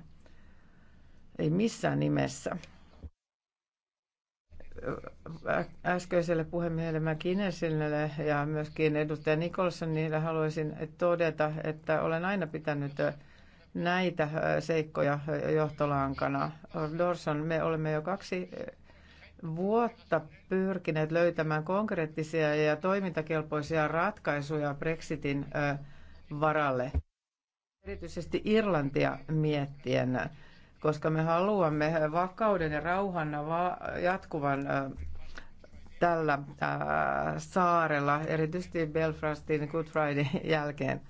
Ei missään nimessä. Äskeiselle puhemiehelle McKinneylle ja myöskin edustaja Nikolsonille haluaisin todeta, että olen aina pitänyt näitä seikkoja johtolankana. Dorson, me olemme jo kaksi vuotta pyrkineet löytämään konkreettisia ja toimintakelpoisia ratkaisuja Brexitin varalle. Erityisesti Irlantia miettien, koska me haluamme vakauden ja rauhan jatkuvan tällä saarella, erityisesti Belfastin Good Friday [LAUGHS] jälkeen.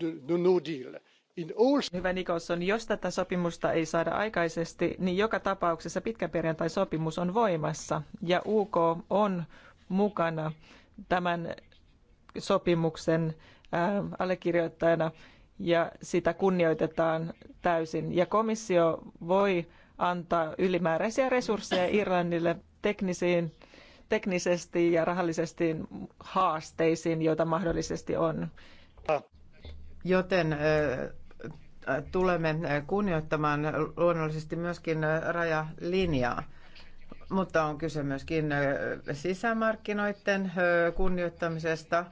De, de no deal Hyvä Nikolson, jos tätä sopimusta ei saada aikaisesti, niin joka tapauksessa pitkäperjantai-sopimus on voimassa ja UK on mukana tämän sopimuksen äh, allekirjoittajana ja sitä kunnioitetaan täysin. Ja komissio voi antaa ylimääräisiä resursseja Irlannille teknisiin, teknisesti ja rahallisesti haasteisiin, joita mahdollisesti on. Joten äh, tulemme kunnioittamaan luonnollisesti myöskin rajalinjaa. Mutta on kyse myöskin sisämarkkinoiden kunnioittamisesta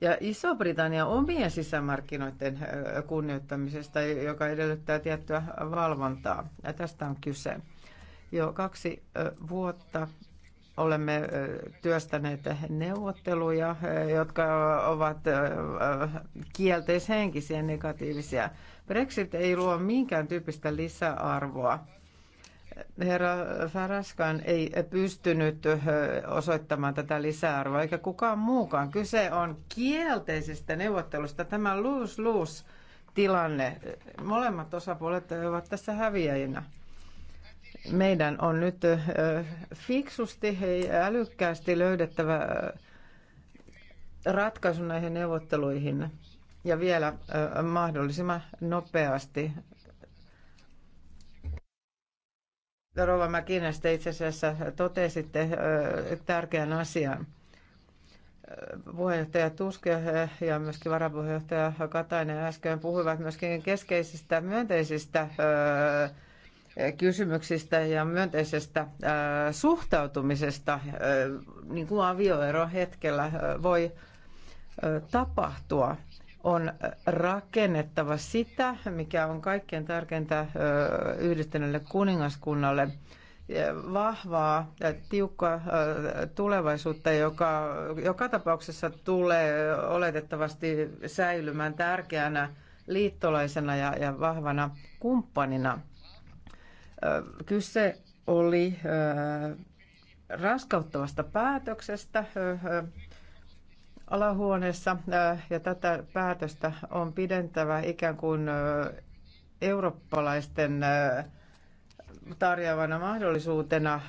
ja iso britannian omien sisämarkkinoiden kunnioittamisesta, joka edellyttää tiettyä valvontaa. Ja tästä on kyse. Jo kaksi vuotta olemme työstäneet neuvotteluja, jotka ovat kielteishenkisiä, negatiivisia. Brexit ei luo minkään tyyppistä lisäarvoa. Herra Faraskan ei pystynyt osoittamaan tätä lisäarvoa, eikä kukaan muukaan. Kyse on kielteisestä neuvottelusta. Tämä lose-lose tilanne. Molemmat osapuolet ovat tässä häviäjinä. Meidän on nyt fiksusti ja älykkäästi löydettävä ratkaisu näihin neuvotteluihin ja vielä mahdollisimman nopeasti. Rova Mäkinäs, te itse asiassa totesitte tärkeän asian. Puheenjohtaja Tuske ja myöskin varapuheenjohtaja Katainen äsken puhuivat myöskin keskeisistä myönteisistä kysymyksistä ja myönteisestä suhtautumisesta, niin kuin avioero hetkellä voi tapahtua on rakennettava sitä, mikä on kaikkein tärkeintä yhdistyneelle kuningaskunnalle, vahvaa, tiukkaa tulevaisuutta, joka joka tapauksessa tulee oletettavasti säilymään tärkeänä liittolaisena ja, ja vahvana kumppanina. Kyse oli raskauttavasta päätöksestä alahuoneessa äh, ja tätä päätöstä on pidentävä ikään kuin äh, eurooppalaisten äh, tarjoavana mahdollisuutena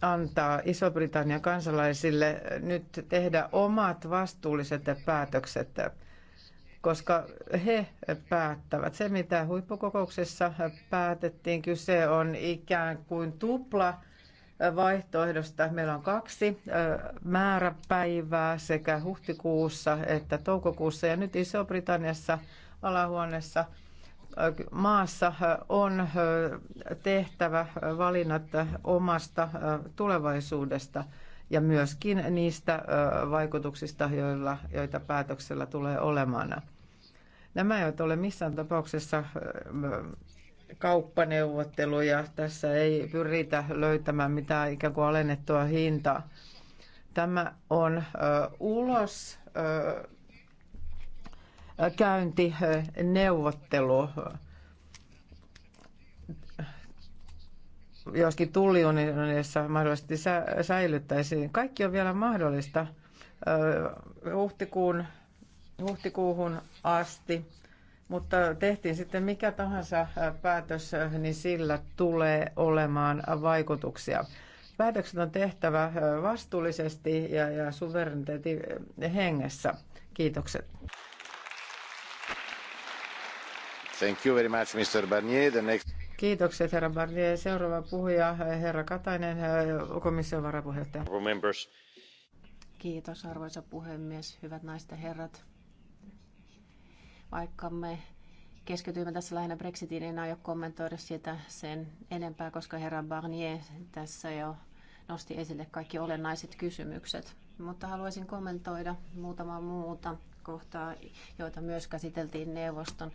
antaa Iso-Britannian kansalaisille nyt tehdä omat vastuulliset päätökset, koska he päättävät. Se, mitä huippukokouksessa päätettiin, kyse on ikään kuin tupla vaihtoehdosta. Meillä on kaksi määräpäivää sekä huhtikuussa että toukokuussa ja nyt Iso-Britanniassa alahuoneessa maassa on tehtävä valinnat omasta tulevaisuudesta ja myöskin niistä vaikutuksista, joilla, joita päätöksellä tulee olemaan. Nämä eivät ole missään tapauksessa kauppaneuvotteluja. Tässä ei pyritä löytämään mitään ikään kuin alennettua hintaa. Tämä on ulos käynti neuvottelu. Joskin tulliunionissa mahdollisesti säilyttäisiin. Kaikki on vielä mahdollista huhtikuun, huhtikuuhun asti mutta tehtiin sitten mikä tahansa äh, päätös, äh, niin sillä tulee olemaan vaikutuksia. Päätökset on tehtävä äh, vastuullisesti ja, ja suvereniteetin hengessä. Kiitokset. Thank you very much, Mr. Barnier. The next... Kiitokset, herra Barnier. Seuraava puhuja, herra Katainen, komission varapuheenjohtaja. Members. Kiitos, arvoisa puhemies. Hyvät naiset ja herrat. Vaikka me keskityimme tässä lähinnä Brexitiin, niin en aio kommentoida sitä sen enempää, koska herra Barnier tässä jo nosti esille kaikki olennaiset kysymykset. Mutta haluaisin kommentoida muutamaa muuta kohtaa, joita myös käsiteltiin neuvoston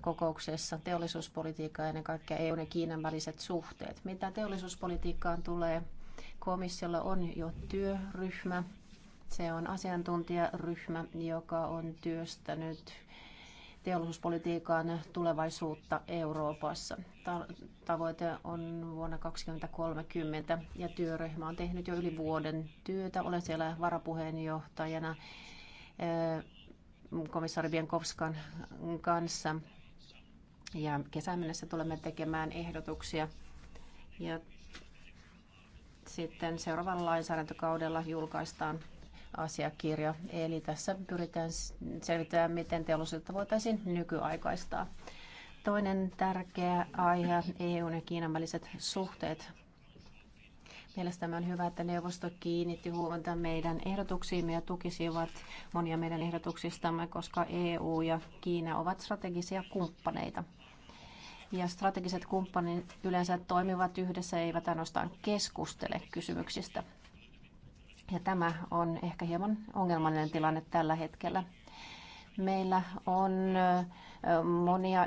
kokouksessa, teollisuuspolitiikka ja ennen kaikkea EUn ja Kiinan väliset suhteet. Mitä teollisuuspolitiikkaan tulee, komissiolla on jo työryhmä, se on asiantuntijaryhmä, joka on työstänyt teollisuuspolitiikan tulevaisuutta Euroopassa. Tavoite on vuonna 2030 ja työryhmä on tehnyt jo yli vuoden työtä. Olen siellä varapuheenjohtajana eh, komissaari Bienkovskan kanssa. Ja kesän mennessä tulemme tekemään ehdotuksia. Ja sitten seuraavalla lainsäädäntökaudella julkaistaan asiakirja. Eli tässä pyritään selvittämään, miten teollisuutta voitaisiin nykyaikaistaa. Toinen tärkeä aihe, EUn ja Kiinan väliset suhteet. Mielestäni on hyvä, että neuvosto kiinnitti huomiota meidän ehdotuksiimme ja tukisivat monia meidän ehdotuksistamme, koska EU ja Kiina ovat strategisia kumppaneita. Ja strategiset kumppanit yleensä toimivat yhdessä, eivät ainoastaan keskustele kysymyksistä. Ja tämä on ehkä hieman ongelmallinen tilanne tällä hetkellä. Meillä on monia